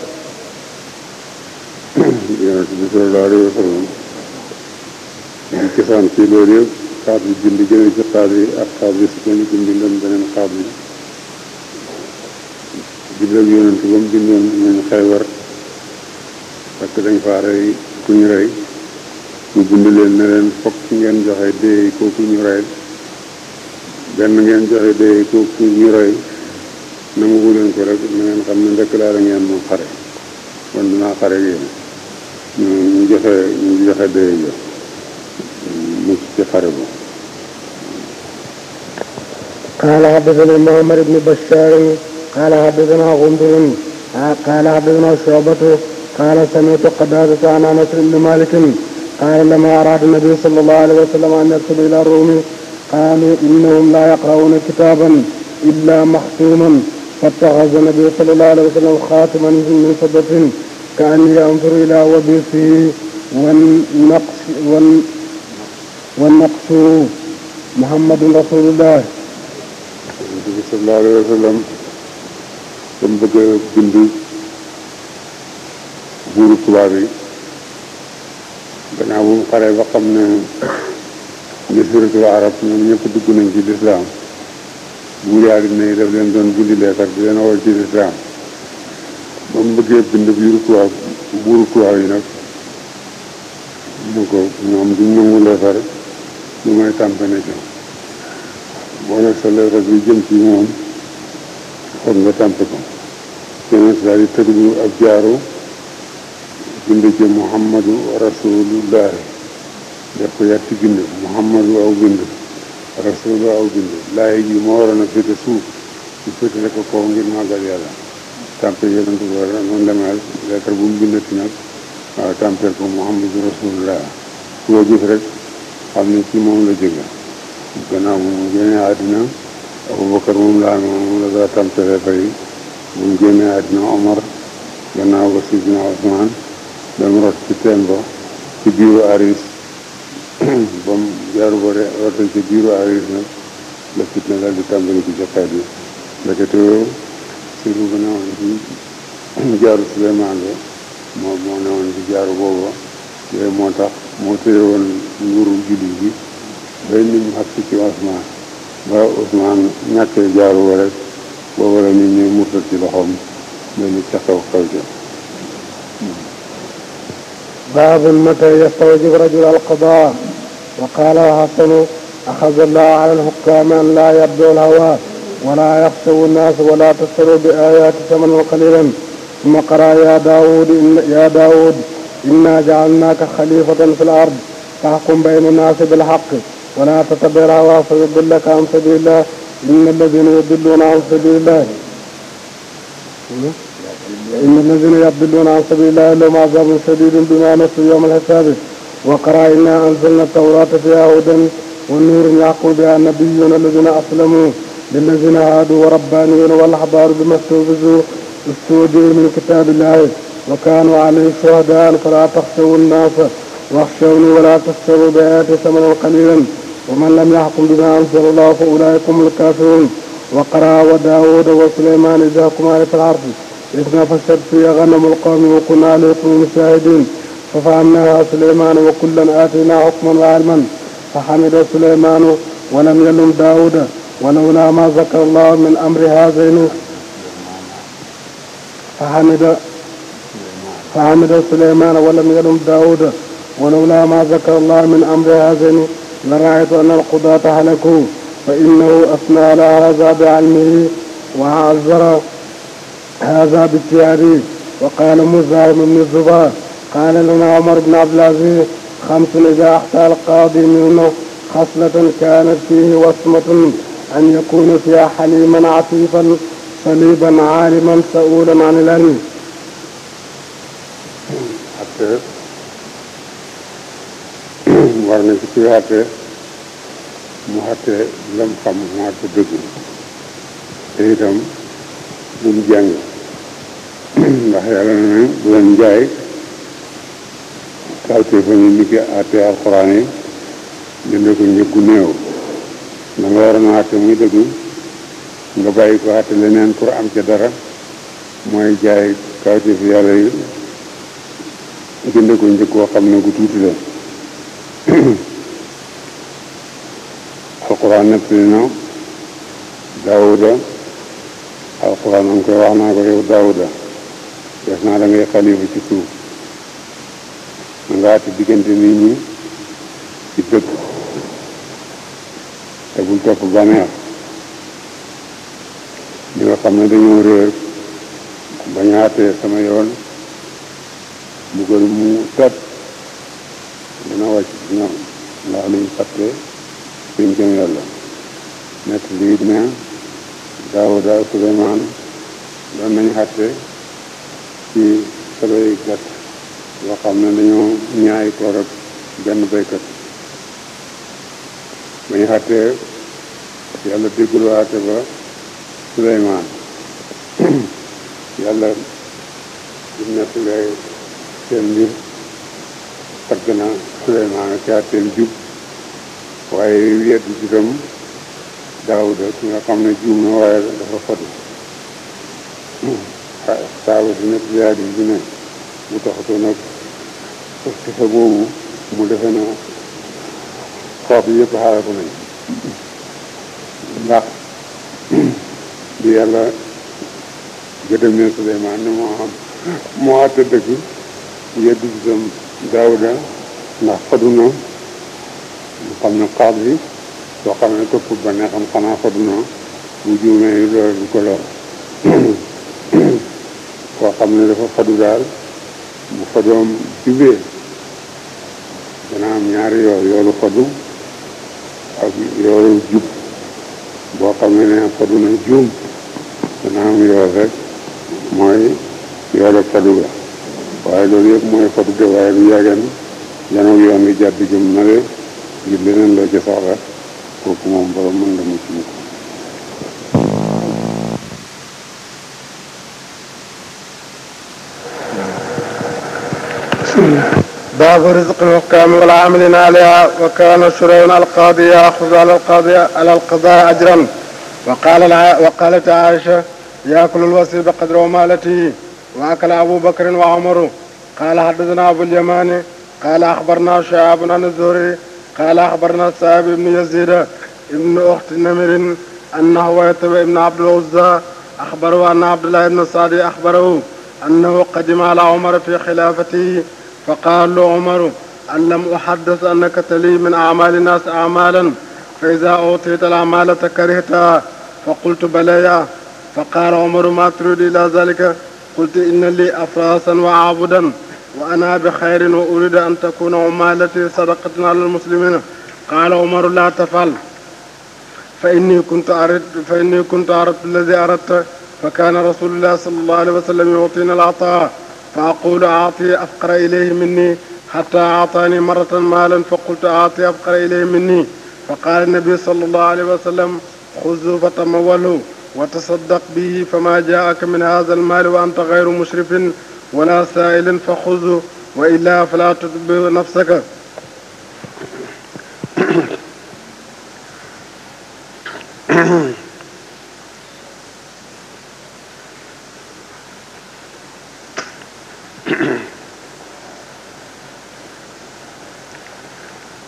صلى الله عليه وسلم. ci cosaan ci loolu yëpp xaaj bi bind jëmee ci xaaj bi ak xaaj bi su ko ñu bind leen beneen xaaj bi jubleeg yonent ba mu bindoon nañ xeewar parce que dañ faa rey ku rey mu bind leen ne leen fokk ngeen joxe dee kooku ñu rey benn ngeen joxe dee kooku ñu rey nanguwu leen ko rek na ngeen xam ne ndekk laa la ngeen moom xare kon dinaa xare yéen ñu joxe ñu joxe dee jo mosu ci xaralu قال حدثنا معمر بن بشار قال حدثنا غندر قال حدثنا شعبة قال سمعت قدادة عن انس بن مالك قال لما اراد النبي صلى الله عليه وسلم ان يكتب الى الروم قالوا انهم لا يقرؤون كتابا الا محتوما فاتخذ النبي صلى الله عليه وسلم خاتما من فضة كاني انظر الى وبيسه والنقش والنقش والمقصور محمد رسول الله صلى الله عليه وسلم a bind buuru tubaab yi gannaaw bu mu xaree ba xam ne jasiratul arab ñoom ñëpp dugg nañ ci lislaam buur yaa dina yi daf leen doon bindi leetar di leen woo ci lislaam ba mu bëggee bind buuru tubaab buuru tubaab yi nag mu ko ñoom duñ nangu leetar lu may tàmpane ca boo nag sa leetar bi ci moom xool nga tàmp ko yeneen si daal di tërlu ab jaaro bind ci muhammadu rasulullahi def ko yàtti bind muhammadu aw bind rasulu aw bind laay ji moo waroon a féete suuf ñu féetale ko kaw ngir màggal yàlla tàmpe yonent ko noonu demel leetar bu mu bindati nag waaw tàmpeel muhammadu rasulullah ku ko gis rek xam ne ci moom la jóge gannaaw bu mu génnee àddina Aboubacar moom laa moom la daa tàmtalee bari bu mu génnee àddina Omar gannaaw ba Sidina Ousmane dem rot ci teen ba ci biiru Aris ba mu jaaru ba rote ci biiru Aris nag la fitna daal di tàmbali ci jakaat yi ndeketewoo siru ba newoon ci jaaru Suleymaan ba moom moo newoon ci jaaru booba yooyu moo tax moo tere woon nguuru rajul alqada wa qaala xasanu axada allah ala alxukaama an laa yabdu alhawa ولا يخشوا الناس ولا تشتروا بآيات ثمنا قليلا ثم قرأ يا داود إن يا داود inna jaalnaaka xalifatan fi l ard taxkum bayna naasi bil xaq wala tattabi hawa fa yudillaka an sabilillah inna alladina yudilluna an sabilillah inna alladina yudilluna an sabilillah lahum azabun shadidun bima nasu yawm alxisabi wa qara inna anzalna tawrata fiha hudan wa nuurun yaqu biha nabiyuna alladina aslamu lilladina haadu wa rabbaniyuna wal ahbaaru bima stawbizu استودعوا من كتاب الله wa kaanu alayhi shuhadaan falaa taxshawu nnaasa waxshawni walaa tashtaru bi-aayati samanan qaliilan wa man lam yaxkum bimaa anzala llaahu fa ulaa'ika humul kaafiruun wa qaraa wa daawuuda wa suleymaan idh yahkumaani fil ardi idh nafashat fiihi ganamul qawmi wa kunnaa lihuquuqihim shaahidiin fa fahhamnaahaa suleymaana wa kullan aataynaa hukman wa ilman fa hamida suleymaanu wa lam yalum daawuuda walawlaa maa zakara llaahu min amri haazayni fa hamida فعمل سليمان ولم يلم داود ولولا ما ذكر الله من أمر هذين لرأيت أن القضاة هلكوا فإنه أثنى على هذا بعلمه وعذر هذا بالتياريخ وقال موسى بن الزبير قال لنا عمر بن عبد العزيز خمس إذا أحتى القاضي منه خصلة كانت فيه وصمة أن يكون فيها حليما عفيفا صليبا عالما سؤولا عن العلم te war na ci kuy àtte mu àtte lam xam mu àtte dëgg te itam bum jàng ndax yàlla na bu leen jaay kawtee fa ñu ni ki alxuraan yi jënde ko njëggu néew da nga waroon a muy dëgg nga bàyyi ko àtte leneen pour am ca dara mooy jaay kawtee fi yàlla yi jënde ko njëg xam ne gu tuuti la alquran nettali koy wax naa ko yow daawuda def naa da ngay xalifa ci suuf na nga diggante nit ñi ci dëgg te bul topp baneex ñi nga xam ne dañoo réer bañ a sama yoon mbugal mu tat dana wàcc ci ñoom ndax luñ fàtte suñ jëm yàlla nett liit ne daawuda suleymaan doon nañu xatte ci sabay gàtt yoo xam ne dañoo ñaay koor ak baykat ba ñu yàlla déggul waate ba suleymaan yàlla di nett lay seen mbir tagg na Suleymaana ci àtteem jub waaye weddu itam Daawuda ki nga xam ne juum na waaye dafa fadu saaba si nag yaa di bi ne bu taxatu nag parce que boobu mu defe na xob yëpp xaalaku nañ ndax bi yàlla gëdëm ne Suleymaan ne moo moo àtte dëgg yeddu itam daawuda ndax faduna mu xam ne xaab bi soo xam ne topp ba ne xam xanaa faduna bu juumee loolu ko lor koo xam ne dafa fadu daal bu fadoom jubee dana am ñaari yoon yoonu ak yoonu jub boo xam ne ne fadu na juum dana am rek mooy yoonu fadu ga waaye loolu yëpp mooy fatu de waaye du yàggan yanoo yoon wi jàdd jëm nale ngir leneen loo ci soxla kooku moom borom mën nga mucc mu ko باب رزق الحكام والعاملين عليها وكان شريع القاضي ياخذ على القاضي على القضاء اجرا وقال وقالت عائشه ياكل الوصي بقدر مالته واكل أبو بكر وعمر قال حدثنا أبو اليمان قال أخبرنا شعاب عن الزهري قال أخبرنا السائب بن يزيد ابن أخت نمر أنه يتبع ابن عبد العزى أخبره أن عبد الله بن سعد أخبره أنه قدم على عمر في خلافته فقال له عمر أن لم أحدث أنك تلي من أعمال الناس أعمالا فإذا أوتيت الأعمال تكرهتها فقلت بلى فقال عمر ما تريد إلى ذلك qultu inna lii afrasan wa aabudan wa ana bi xayrin wa uridu an takuna umaalati sadaqatan ala almuslimina qaala umaru laa tafal fa inni kuntu aradtu fa inni kuntu aradtu alladi aradta fa kaana rasulullah sal allahu alayhi wa sallam yuutina alaataa fa aqulu aati afqara ilayhi minni xata aataani maratan maalan fa qultu aati afqara ilayhi minni fa qaala nabi sal allahu alayhi wa sallam xuzu fa tamawalhu wa tasaddaq bihi fama jaaka min hada almaali wa anta gayru mushrifin wala saailin fa xuzhu wa illa fala tutbi nafsaka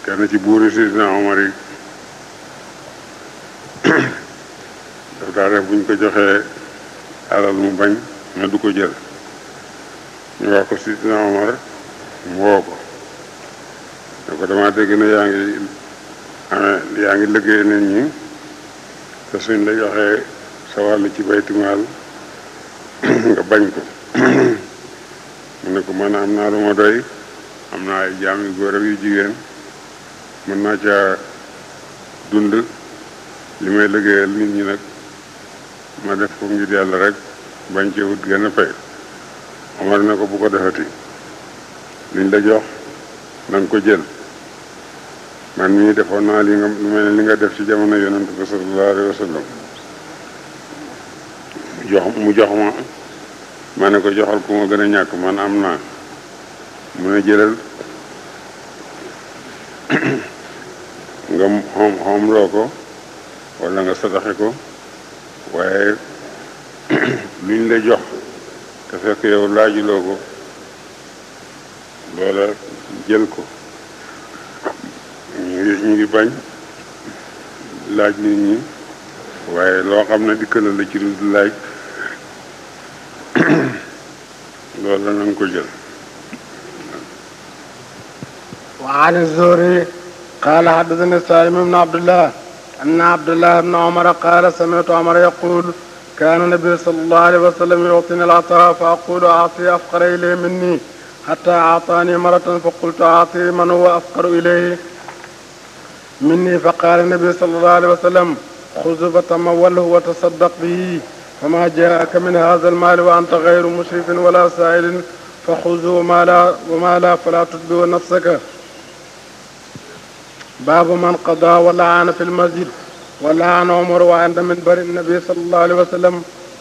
kenn ci buuri Sidina Omar yi daare buñ ko joxee alal mu bañ ne du ko jël ñu wax ko sidna Omar mu ko ne ko dama dégg ne yaa ngi yaa ngi liggéey nit ñi te suñ la joxee sa wàll ci baytimaal nga bañ ko mu ne ko man am naa lu ma doy am naa ay jaam yu góor ak yu jigéen mën naa caa dund li may liggéeyal nit ñi nag ma def ko ngir yàlla rek bañ ci wut gën a fay Omar ne ko bu ko defati liñ la jox na nga ko jël man mii defoon naa li nga lu mel ne li nga def ci jamono yonent bi sallallahu alayhi wa sallam mu jox mu ma ma ne ko joxal ku ma gën a ñàkk man am naa mu ne jëlal nga xoom xoom loo ko wala nga sadaxe ko waaye luñ la jox te fekk yow laajuloo ko loola jël ko ñu ñu ngi bañ laaj nit ñi waaye loo xam ne dikkal la ci lu laaj loola na ko jël wa an Zuhri qaala haddathana Saalim ibn Abdullah أن عبد الله بن عمر قال سمعت عمر يقول كان النبي صلى الله عليه وسلم يعطيني العطاء فأقول أعطي أفقر إليه مني حتى أعطاني مرة فقلت أعطي من هو أفقر إليه مني فقال النبي صلى الله عليه وسلم خذ فتموله وتصدق به فما جاءك من هذا المال وأنت غير مشرف ولا سائل فخذه ما لا وما لا فلا تتبع نفسك baabu man qadaa wa laana fi lmasjid wa laana omar wa inda minbari nabi sallallahu alayhi wa sallam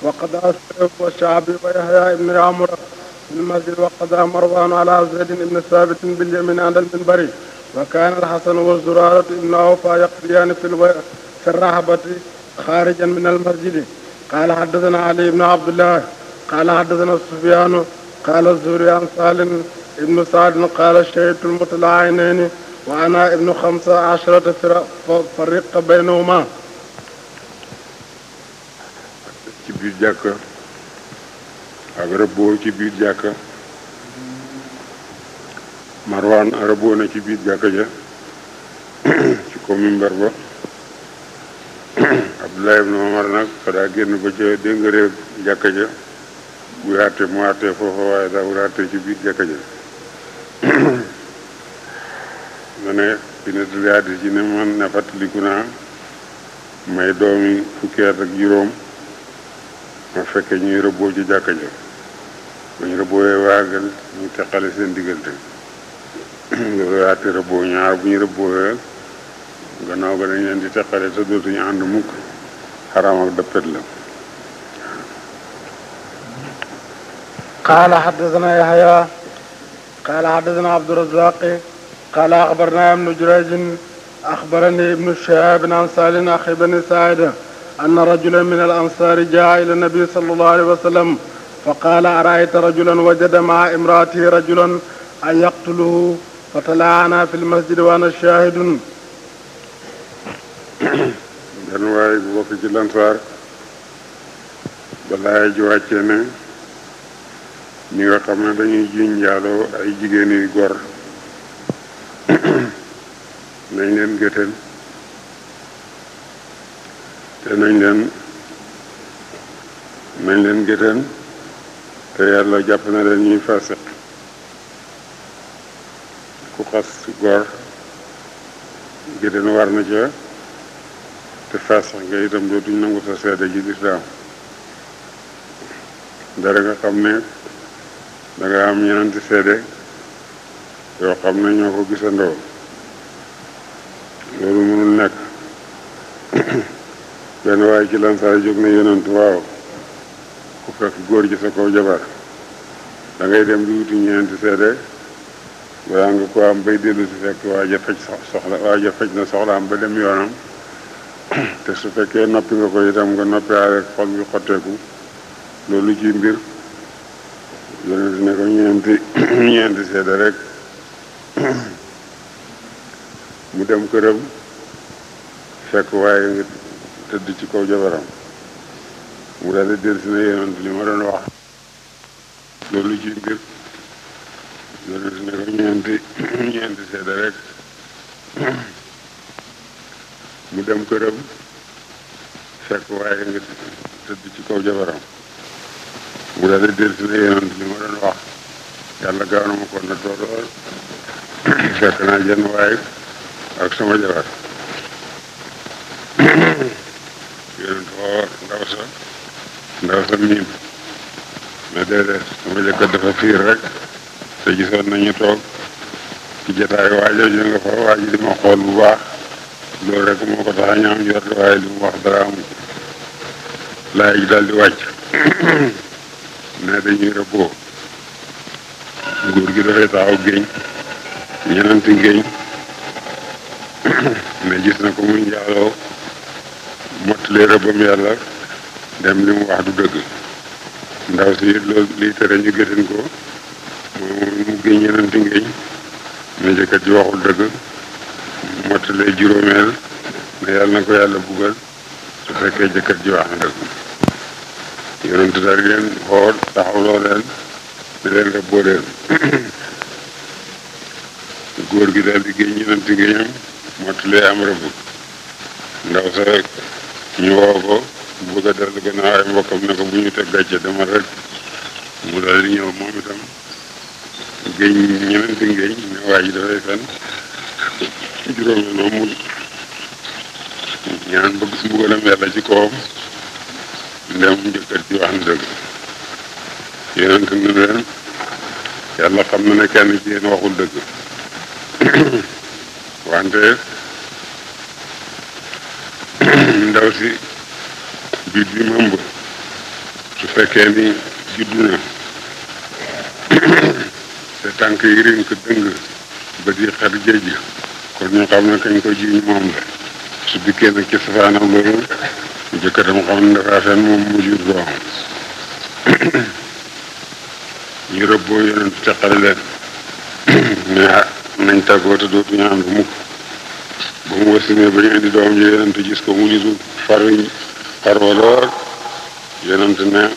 wa qadaa shuayb wa shaabi wa yahya ibni amra fi lmasjid wa qadaa marwaan ala zaydin ibni saabitin bilyamin inda alminbari wa kaana alxasan wa zuraaratu ibnu awfa yaqdiyaani fi rahbati xaarijan min almasjidi qaala xaddasanaa ali ibnu abdullah qaala xaddasanaa sufyaanu qaala zuhri an saalim ibnu saadin qaala shahidtu lmutalaainayni wa ana ibnu xamsa asharata fira fariqa baynahuma ci biir jàkka ak rëbboo ci biir jàkka marwaan rëbboo na ci biir jàkka ja ci ko ba abdullah ibnu omar nag xadaa génn ba ca dénga réew jàkka ja buy mu àtte foofa waaye daa wul ci biir jàkka ja ne dina tudd hadis ci ne man na fàttaliku naa may doomi fukki at juróom ma fekke ñuy rëbboo ci jàkka ja ba ñu rëbboowee waagal ñu teqale seen diggante loolu àtte rëbboo ñaar bu ñu rëbboowee gannaaw ga dañ leen di teqale te dootuñu ànd mukk xaraam ak dëppet la qaala xaddasana yaxya qaala xaddasana abdurazaqi قال أخبرنا ابن جريج أخبرني ابن شهاب عن سالم أخي بن سعد أن رجلا من الأنصار جاء إلى النبي صلى الله عليه وسلم فقال أرأيت رجلا وجد مع امرأته رجلا أن يقتله فتلاعنا في المسجد وأنا شاهد benn waaye bu bokk ci lansaar balaa ji wàccee ne ñi nga xam ne dañuy jiñ njaaloo ay jigéen yu gor nañ leen gëtël te nañ leen nañ leen gëtël te yàlla jàpp na leen ñuy fasiq ku xas góor gëtël war na ca te fasiq nga itam dootuñ nangu sa seede ji lislaam dara nga xam ne da am ñeenti seede yoo xam ne ñoo ko gisandoo loolu mënul nekk benn waaye ci lansaar jóg na yonentu waaw ku fekk góor ji sa kaw jabar da ngay dem di wuti ñeenti seede balaa nga ko am bay dellu si fekk waa ja faj soxla waa ja faj na soxlaam ba dem yoonam te su fekkee noppi nga ko itam nga noppi aarek xol bi xotteeku loolu ci mbir yonent ne ko ñeenti ñeenti seede rek mu dem këram fekk waaye nga tëdd ci kaw jabaram mu daal di dellusi na yonent li ma doon wax loolu ci mbir yonent ñeenti ñeenti rek mu dem këram fekk waaye nga tëdd ci kaw jabaram mu daal di dellusi na yonent li ma doon wax yàlla gaaw na ma ko na toolool fekk naa jenn waaye ak sama jaraat yonent xoor ndaw sa ndaw sa miim mais déedéet sama jëkkat dafa fiir rek te gisoon nañu toog ci jataayu waajal ji nga fa waa di ma xool bu baax lool rek moo ko tax a ñaam jot waaye li mu wax dara amul laay ji daal di wàcc ne dañuy rëbboo nguur gi dafay taxaw géeñ ñenanti géeñ ne gis na ko muy njaaloo mottalee rëbbam yàlla dem li mu wax du dëgg ndaw si it loolu liy tere ñu gëtin ko mooy mu géñ yenanti ngéeñ ne jëkkat ji waxul dëgg mottalee juróomeel ne yàlla na ko yàlla buggal su fekkee jëkkat ji wax na dëgg yonent dar leen xool taxawloo leen ne leen rëbboo leen góor gi daal di géñ ngéeñam mottalee am rëbb ndaw sa rek ñu woo ko bëgg a dellu gannaaw ay mbokkam ne ko bu ñu teg gàcce dama rek mu dal di ñëw moom itam géñ ñenenti ngéñ ne waa dafay fen juróome moom mu ñaan bëgg su mbugalam yàlla ci kawam ndem jëkkër ci wax na dëgg yonent ne leen yàlla xam na ne kenn ci yéen waxul dëgg wante ndaw si biir bi mu ëmb su fekkee ni juddu na te tànk yi riñ ko dëng ba di xar jéej kon ñu xam ne kañ ko jiiñ moom la su dikkee nag ci safaanam loolu jëkkëram xam ne dafa moom mu jur doom ñu rëbboo yonent teqale leen nañ tàggoo te dootuñu ànd mukk ba mu wasinee ba ñu indi doom ji yonent gis ko mu nitu far farwa lool yonent ne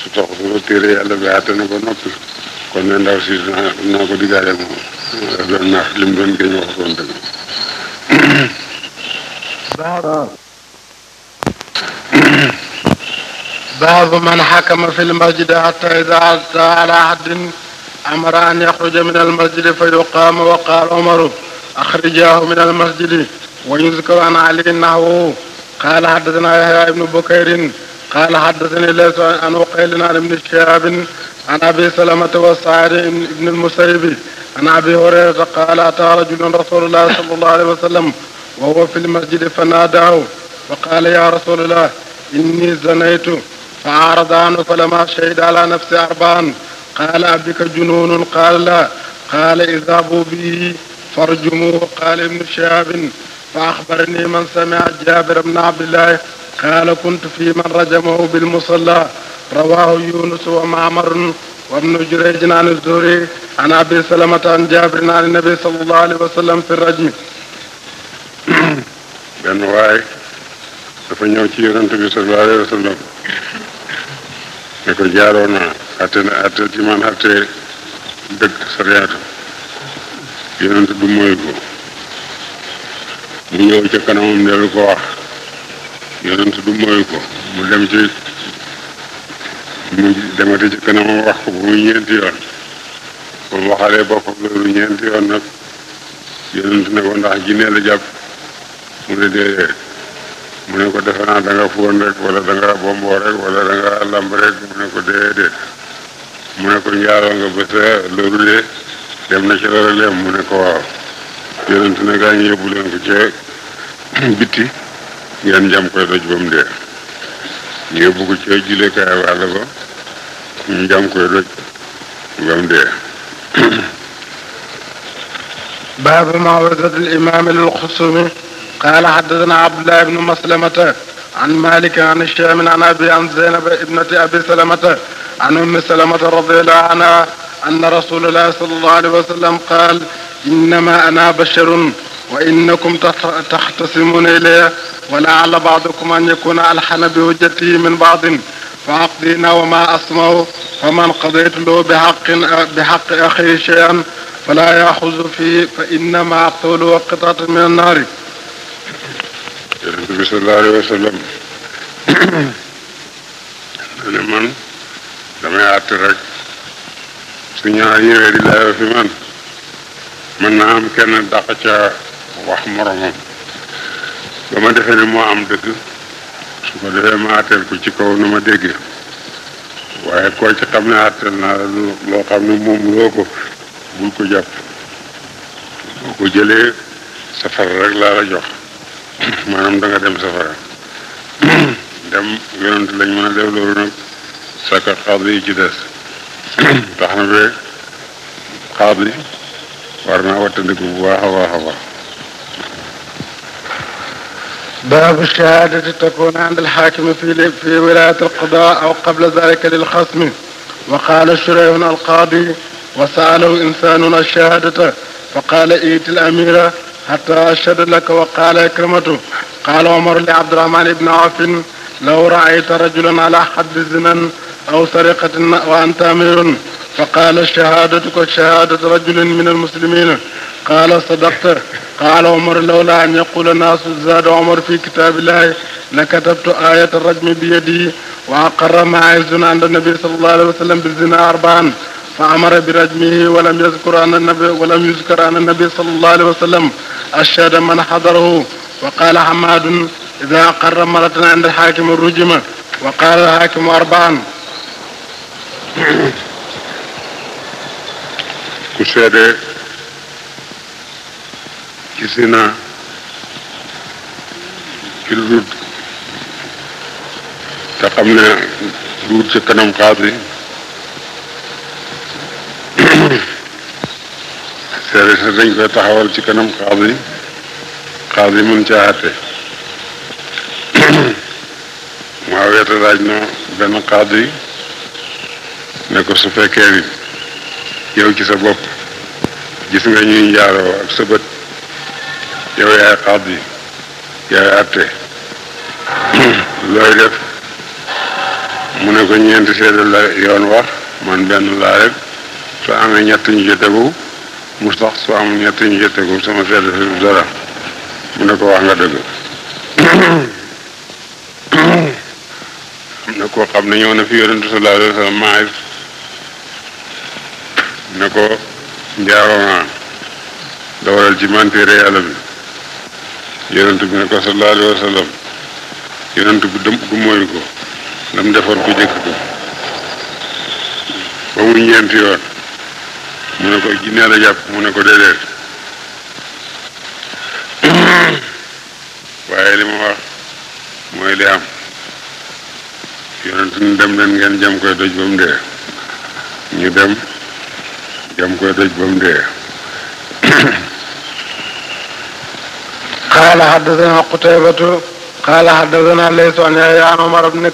su tax suma téere bi àtte na ko kon ne ndaw si naa ko diggaale moom doon naax li mu doon géñ wax doon dëgg باب من حكم في المسجد حتى إذا أتى على حد amara an yaxruja min almasjidi fa yuqaama wa qaal omaru axrijaahu min almasjidi wa yuzkaru an aliin nahwahu qaala xaddasanaa yaxyaa ibnu bukayrin qaala xaddasani laysu an uqaylin an ibni shihaabin an abi salamata wa saadi ibni almusaybi an abi hurayrata qaala ataa rajulun rasulullahi sal allahu alayhi wa sallam wa huwa fi lmasjidi fa naadaahu fa qaala yaa rasulallah inni zanaytu fa aarada anhu falammaa shahida ala nafsi arbaan قال بك جنون قال لا قال اذهبوا به فارجموه قال ابن شهاب فأخبرني من سمع جابر بن عبد الله قال كنت في من رجمه بالمصلى رواه يونس ومعمر وابن جريج عن الزهري عن أبي سلمة عن جابر عن النبي صلى الله عليه وسلم في الرجم benn waay dafa ñëw ci yonent bi sallallahu alayhi wa sallam ne ko jaaroo naa na atte ci man atte dëkk sariyaatu yonent du mooy ko mu ñëw ca kanamam ko wax yonent du mooy ko mu dem ci demati ci wax ko bu mu ñeenti yoon bu mu waxalee boppam loolu ñeenti yoon nag yonent ne ko ndax jinne la jàpp mu ne déedéet mu ne ko defe naa da nga fóon rek wala da bomboo rek wala da nga rek mu ne ko déedéet mu ne ko njaaloo nga ba sa lorulee dem na ci loruleem mu ne ko waaw yonent gaa ñu yóbbu leen ko ca bitti ngeen jam koy ba mu koy doj ba mu dee baabu ma wadat al imam xusumi قال حدثنا عبد الله بن مسلمة عن مالك عن الشام عن أبي عن زينب ابنة أبي سلمة عن أم سلمة رضي الله عنها أن رسول الله صلى الله عليه وسلم قال إنما أنا بشر وإنكم تختصمون إلي ولعل بعضكم أن يكون ألحن بهجته من بعض فعقدينا وما أسمع فمن قضيت له بحق بحق أخيه شيئا فلا يأخذ فيه فإنما قوله قطعة من النار yonent bi sallallahu alayhi wa rek su ñaar yëwee di layo fi man mën naa am kenn dàq ca wax moromam ba ma defee ne moo am dëgg su ko defee ma àtteel ko ci kaw na ma déggee waaye koo ci xam ne àtteel naa loo xam ne moom loo ko bul ko jàpp boo ko jëlee safar rek laa la jox maanaam da nga dem safara dem yonent lañ mën a def loolu nag saka xaad yi ci des tax na be xaad yi war naa wattandiku bu baax a baax a baax باب الشهادة تكون عند الحاكم في في ولاية القضاء أو قبل ذلك للخصم وقال شريح القاضي وسأله إنسان الشهادة فقال ائت الأمير حتى أشهد لك وقال إكرمته قال عمر لعبد الرحمن بن عوف لو رأيت رجلا على حد زنا أو سرقة وأنت أمير فقال شهادتك شهادة رجل من المسلمين قال صدقت قال عمر لولا أن يقول الناس زاد عمر في كتاب الله لكتبت آية الرجم بيدي وأقر معي الزنا عند النبي صلى الله عليه وسلم بالزنا أربعا fa amara bi rajmihi walam yazkur an annabi walam yuzkar an annabi sallallahu alayhi wa sallam ashhada man hadarahu wa qala hamadun ida aqarra maratan inda alxaakim rujima wa qala alxaakimu arbaan ku seede ci sina ci lu te xam ne duut ci kanam xaas yi service nag dañ koy taxawal ci kanam xaas yi xaas yi mën caa àtte maa weeta na benn xaas yi ne ko su fekkee nit yow ci sa bopp gis nga ñuy njaaroo ak sa bët yow yaay xaas yi yaay àtte looy def mu ne ko ñeenti seede la yoon wax man benn laa rek su amee ñett ñu ci tegu bu sax su am ñett ñu ca tegu sama sedd fi dara mu ne ko wax nga dëgg na koo xam ne ñëw na fi yonentu sallallahu alayhi wa sallam maay ne ko njaaroo dawalal ci mantéere yonentu bi ne ko sallallahu alayhi wa sallam yonentu bi dëm gu mooyu ko lam defoon ko jëkk ko ba ñeenti yoon mu ne ko jinne la ko déedéet waaye am yonent ni dem leen ngeen jam koy doj ba dee ñu dem jam koy doj ba mu dee an yahyaa an umar bni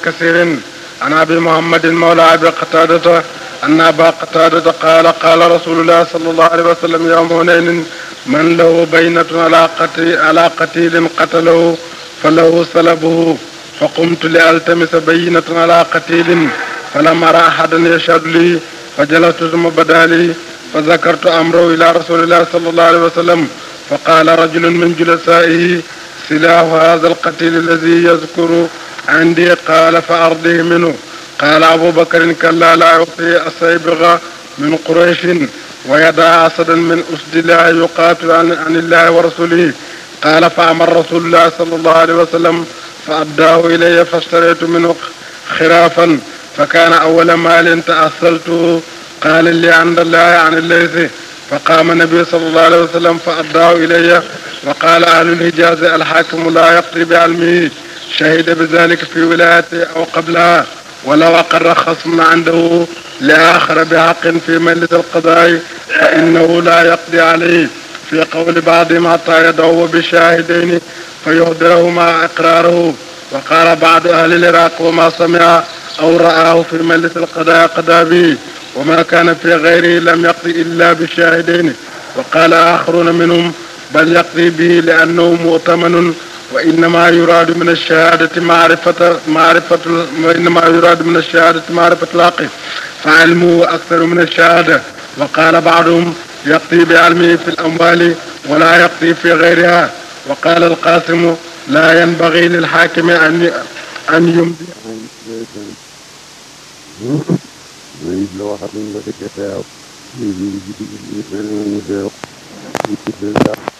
an abi muhammadin mawla abi qataadata أن أبا قتادة قال قال رسول الله صلى الله عليه وسلم يوم هنين من له بينة على قتيل, على قتيل قتله فله سلبه فقمت لألتمس بينة على قتيل فلم أرى أحدا يشهد لي فجلست ثم بدا لي فذكرت أمره إلى رسول الله صلى الله عليه وسلم فقال رجل من جلسائه سلاح هذا القتيل الذي يذكر عندي قال فأرضه منه قال أبو بكر كلا لا يعطي السيبغ من قريش ويدعى أسدا من أسد الله يقاتل عن, عن الله ورسوله قال فأمر رسول الله صلى الله عليه وسلم فأداه إلي فاشتريت منه خرافا فكان أول مال تأصلته قال لي عند الله عن الليث فقام النبي صلى الله عليه وسلم فأداه إلي وقال أهل الحجاز الحاكم لا يقضي بعلمه شهد بذلك في ولايته أو قبلها ولا أقر خصم عنده لآخر بحق في مجلس القضاء فإنه لا يقضي عليه في قول بعضهم حتى يدعو بشاهدين فيهدرهما إقراره وقال بعض أهل العراق وما سمع أو رآه في مجلس القضاء قضى به وما كان في غيره لم يقضي إلا بشاهدين وقال آخرون منهم بل يقضي به لأنه مؤتمن wa innama yuraadu min ash-shahadati maarifata maarifatul wa innama yuraadu min ash-shahadati maarifatul haqqi fa ilmuhu aktharu min ash-shahada wa qaala ba'duhum yaqdi bi ilmihi fi al-amwaali wa laa yaqdi fi ghayriha wa qaala al-qaasimu laa yanbaghi lil-haakimi an an yumdi waxat nañ ko feew